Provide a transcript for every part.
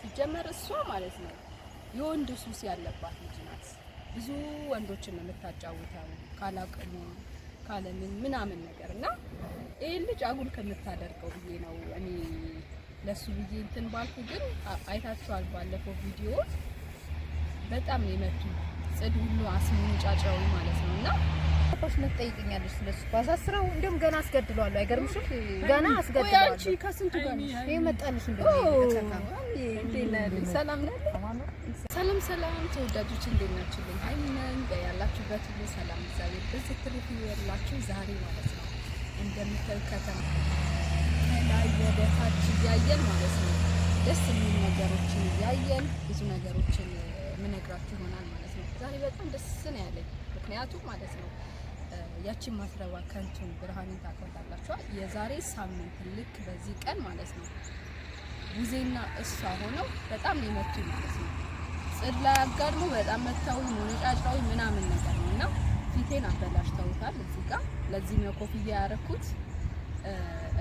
ሲጀመር እሷ ማለት ነው የወንድ ሱስ ያለባት ልጅ ናት። ብዙ ወንዶችን ነው የምታጫውተው ካላቅሙ ካለምን ምናምን ነገር እና ይህን ልጅ አጉል ከምታደርገው ብዬ ነው እኔ ለሱ ብዬ እንትን ባልኩ። ግን አይታችኋል፣ ባለፈው ቪዲዮ በጣም ነው የመቱ ጽድ ሁሉ አስሙን ጫጫው ማለት ነው እና ትጠይቅኛለሽ ስለሱ ባሳስረው እንደውም ገና አስገድለዋለሁ። አይገርምሽም? ገና አስገድለዋለሁ። ከስንቱ ጋር ይሄ መጣልሽ። ሰላም ሰላም ሰላም፣ ተወዳጆች እንዴት ናችሁልኝ? ሀይሚነኝ ያላችሁበት ሁሉ ሰላም እግዚአብሔር በስትርት ይበላችሁ። ዛሬ ማለት ነው እንደምታዩ ከተማ ላይ ወደ ታች እያየን ማለት ነው ደስ የሚሉ ነገሮችን እያየን ብዙ ነገሮችን የምነግራችሁ ይሆናል ማለት ነው። ዛሬ በጣም ደስ ነው ያለኝ ምክንያቱም ማለት ነው ያቺን ማትረባ ከንቱ ብርሃኔን ታውቋታላችኋ። የዛሬ ሳምንት ልክ በዚህ ቀን ማለት ነው ቡዜና እሷ ሆነው በጣም ሊመቱ ማለት ነው ጽድ ላይ አጋድሞ በጣም መታዊ ሞነጫጫዊ ምናምን ነገር ነው እና ፊቴን አበላሽተውታል። እዚህ ጋር ለዚህ ነው ኮፍያ ያረኩት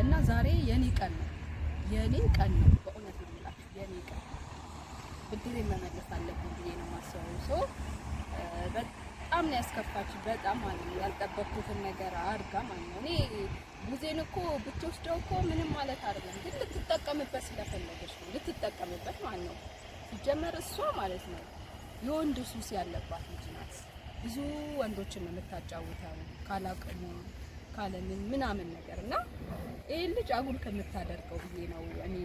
እና ዛሬ የኔ ቀን ነው የኔ ቀን ነው። በእውነት ነው የምላችሁ የኔ ቀን ብድሬ መመለስ አለብኝ ብዬ ነው ማስበው ሰው በጣም ነው ያስከፋች። በጣም ማለት ነው ያልጠበኩትን ነገር አድርጋ ማለት ነው። እኔ ጊዜን እኮ ብትወስደው እኮ ምንም ማለት አይደለም፣ ግን ልትጠቀምበት ስለፈለገች ነው ልትጠቀምበት ማለት ነው። ሲጀመር እሷ ማለት ነው የወንድ ሱስ ያለባት ልጅ ናት። ብዙ ወንዶችን ነው የምታጫውተው ካላቅሙ ካለምን ምናምን ነገር እና ይህን ልጅ አጉል ከምታደርገው ብዬ ነው እኔ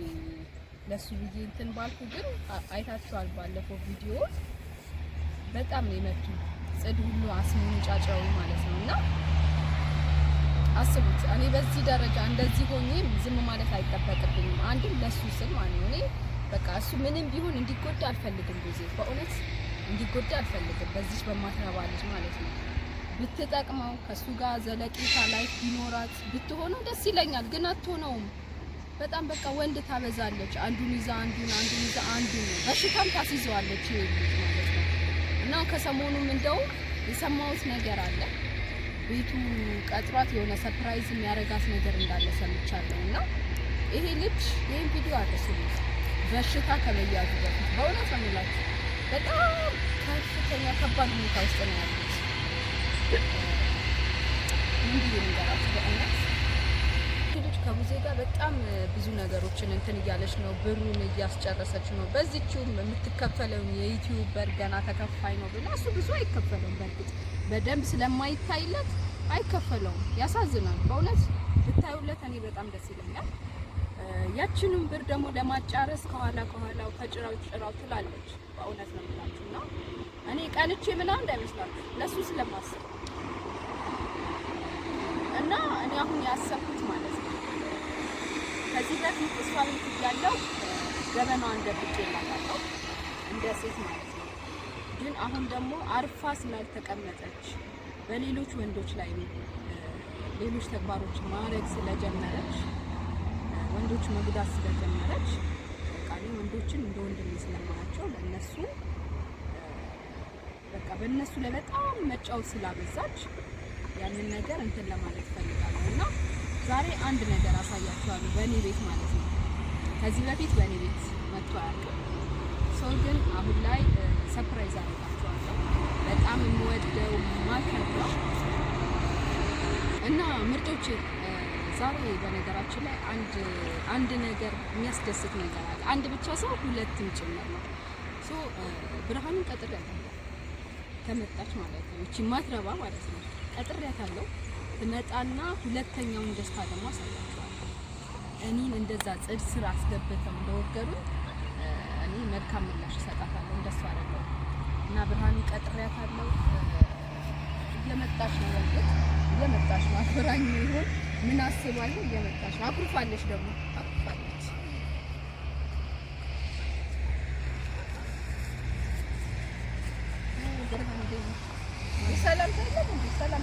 ለሱ ብዬ እንትን ባልኩ። ግን አይታችኋል ባለፈው ቪዲዮ በጣም ነው የመቱ ጽድ ሁሉ አስመንጫጫው ማለት ነው። እና አስቡት እኔ በዚህ ደረጃ እንደዚህ ሆኜ ዝም ማለት አይጠበቅብኝም። አንድም ለሱ ስል ማለት ነው። እኔ በቃ እሱ ምንም ቢሆን እንዲጎዳ አልፈልግም። ጊዜ በእውነት እንዲጎዳ አልፈልግም። በዚች በማትረባ ልጅ ማለት ነው ብትጠቅመው ከእሱ ጋር ዘለቂታ ላይፍ ቢኖራት ብትሆነው ደስ ይለኛል፣ ግን አትሆነውም። በጣም በቃ ወንድ ታበዛለች። አንዱን ይዛ አንዱን፣ አንዱን ይዛ አንዱን ነው በሽታም ታስይዘዋለች ማለት ነው። እና ከሰሞኑም እንደው የሰማሁት ነገር አለ። ቤቱ ቀጥሯት የሆነ ሰርፕራይዝ የሚያደርጋት ነገር እንዳለ ሰምቻለሁ። እና ይሄ ልጅ ይህን ቪዲዮ አድርሱልኝ በሽታ ከመያዙ በፊት በእውነት ነው በጣም ከፍተኛ ከባድ ሁኔታ ውስጥ ነው ያሉት። ምን ብዬ ንገራችሁ በእውነት ከሙዜ ጋር በጣም ብዙ ነገሮችን እንትን እያለች ነው፣ ብሩን እያስጨረሰች ነው። በዚችውም የምትከፈለውን የዩቲዩበር ገና ተከፋይ ነው ብላ እሱ ብዙ አይከፈለውም። በእርግጥ በደንብ ስለማይታይለት አይከፈለውም። ያሳዝናል በእውነት ብታዩለት፣ እኔ በጣም ደስ ይለኛል። ያችንም ብር ደግሞ ለማጫረስ ከኋላ ከኋላው ተጭራው ጭራው ትላለች። በእውነት ነው የምላችሁ እና እኔ ቀንቼ ምናምን እንዳይመስላችሁ ለእሱ ስለማስብ እና እኔ አሁን ያሰብኩት ማለት ከዚህ በፊት እሷ ቤት እያለሁ ገበናዋን ደብቄ የማላውቀው እንደ ሴት ማለት ነው። ግን አሁን ደግሞ አርፋ ስላልተቀመጠች በሌሎች ወንዶች ላይ ሌሎች ተግባሮች ማድረግ ስለጀመረች ወንዶች መጉዳት ስለጀመረች በቃ ወንዶችን እንደ ወንድሜ ስለማያቸው ለእነሱ በቃ በእነሱ ላይ በጣም መጫወት ስላበዛች ያንን ነገር እንትን ለማለት ፈልጋለሁ እና ዛሬ አንድ ነገር አሳያችኋለሁ በእኔ ቤት ማለት ነው። ከዚህ በፊት በእኔ ቤት መጥቶ አያውቅም ሰው ግን አሁን ላይ ሰርፕራይዝ አደርጋችኋለሁ። በጣም የምወደው ማከብረው እና ምርጦች ዛሬ በነገራችን ላይ አንድ አንድ ነገር የሚያስደስት ነገር አለ። አንድ ብቻ ሰው ሁለትም ጭምር ነው። ሶ ብርሃንን ቀጥሬያታለሁ ከመጣች ማለት ነው። እቺ ማትረባ ማለት ነው ቀጥሬያታለሁ እመጣና ሁለተኛውን ደስታ ደግሞ አሳያቸዋለሁ። እኔን እንደዛ ጽድ ስር አስገብተው እንደወገዱ እኔ መልካም ምላሽ እሰጣታለሁ። እንደሱ አደለው እና ብርሃን ቀጥሬያታለሁ። እየመጣሽ ነው ወልደት እየመጣሽ ነው አክብራኝ ይሆን ምን አስባለሁ። እየመጣሽ ነው አኩርፋለሽ ደግሞ አኩርፋለች። ሰላም ሰላም ሰላም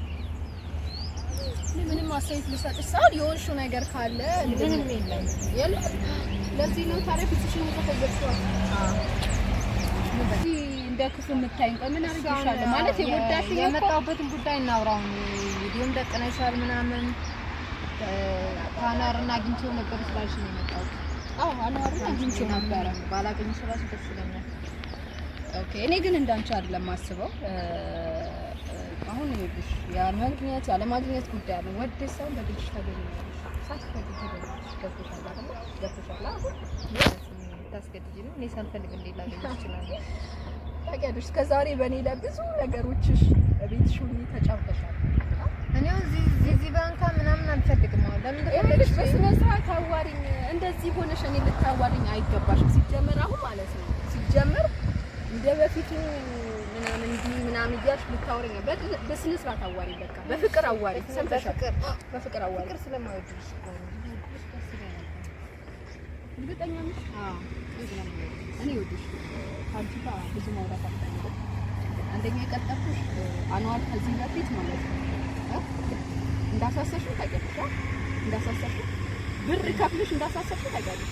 ምንም አስተያየት ልሰጥሽ ሳይሆን የሆንሽው ነገር ካለ ምንም የለም ለዚህ ነው ታዲያ ፊትሽን የተፈገግሽዋል እንደ ክፉ የምታይኝ። ቆይ ምን አድርጌሻለሁ ማለት የጎዳሽ የመጣሁበትን ጉዳይ እናውራውን ቪዲዮም ደቅነሻል ምናምን አኗርና አግኝቼው ነበር ስላልሽ ነው የመጣሁት። አዎ አኗርና አግኝቼው ነበረ። ባላገኝ እራሱ ደስ ይለኛል። ኦኬ እኔ ግን እንዳንቺ አይደለም ማስበው አሁን ይሄድሽ የማግኘት ያለማግኘት ጉዳይ ነው። ወደ ሰው በግልሽ ታገኛለሽ። በእኔ ብዙ ነገሮችሽ በቤትሽ ሁሉ ተጫውተሻል። እኔ ባንካ ምናምን አልፈልግም። አሁን ለምን በስነ ስርዓት አዋሪኝ። እንደዚህ ሆነሽ እኔ ልታዋሪኝ አይገባሽም። ሲጀመር አሁን ማለት ነው ሲጀመር እንደ በፊቱ እንዲህ ምናምን እያልሽ ልታወሪ ነው። በስነ ስርዓት አዋሪ፣ በቃ በፍቅር አዋሪ፣ ሰምተሻል? በፍቅር አዋሪ። ፍቅር ስለማይወድልሽ እርግጠኛ ነሽ? አዎ እኔ ይወድሽ። አንቺ ጋር ብዙ ማውራት አልፈልግም። አንደኛ የቀጠፍኩሽ አንዋር ከዚህ በፊት ማለት ነው እንዳሳሰሽው ታውቂያለሽ፣ እንዳሳሰሽው ብር ከፍልሽ እንዳሳሰሽው ታውቂያለሽ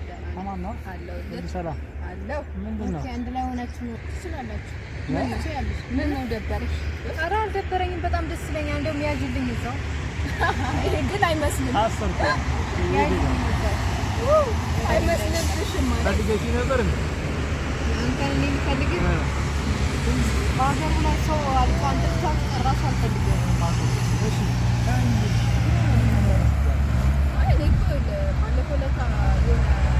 አማን ነው አለው ሰላም አለው ምንድን ነው አንድ ላይ ሆናችሁ ነው ትችላላችሁ ምን ነው ደበረሽ ኧረ አልደበረኝም በጣም ደስ ይለኛል እንደውም ያዥልኝ እዛው ይሄ ግን አይመስልም አሰርኩ አይመስልም ትሽማ ፈልገሽ ነበር አንተን እኔ የምፈልግህ በሀገሩ ላይ ሰው አልፎ አንተ ራሱ አልፈልግም እኔ እኮ ባለፈው ዕለት የሆነ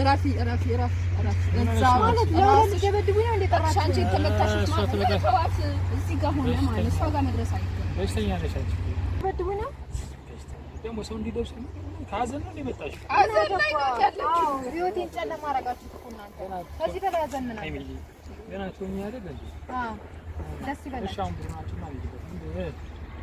እረፊ እረፊ እረፊ እረፊ። እዛ ማለት ለሁለት ደበድቡ ነው እንደ ጠራች አንቺ የተመታሽው ማለት ጠዋት እዚህ ጋር ሆነ ማለት እሷ ጋር መድረስ አይገባም። በሽተኛ ነሽ አንቺ። ደበድቡ ነው ደግሞ ሰው እንዲደብስ ከሀዘን ነው እንደመጣሽ ሀዘን ላይ ነው ያለችው። ህይወቴን ጨለማ አደረጋችሁት እኮ እናንተ። ከዚህ በላይ ሀዘን ምን አለ? ገና ትሆኚ አይደል እንዴ? አዎ ደስ ይበላል። እሺ አሁን ቡድናችን ማለት ነው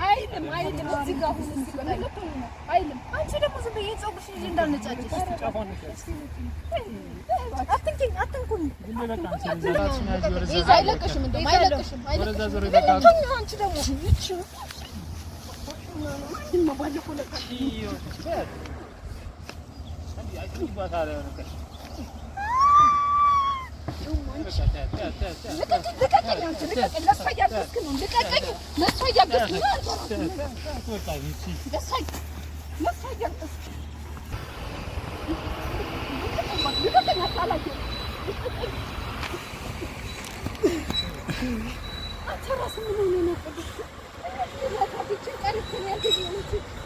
Այլմ, այլմ, ցիկա հուսիկա։ Այլմ։ Անչերը մոզը եց օգուշի ջինդանից աճի։ Ճավանից։ Ատենքին, ատենքուն։ Այլակշում, այլակշում, այլակշում։ Որը զազորի դա։ Անչերը մոզը իչու։ Մաբալի խոլա։ Չի, չէ։ Հա, այդի բաթարը նկաշ։ አንተ እራስህ ምን ሆነህ ነው?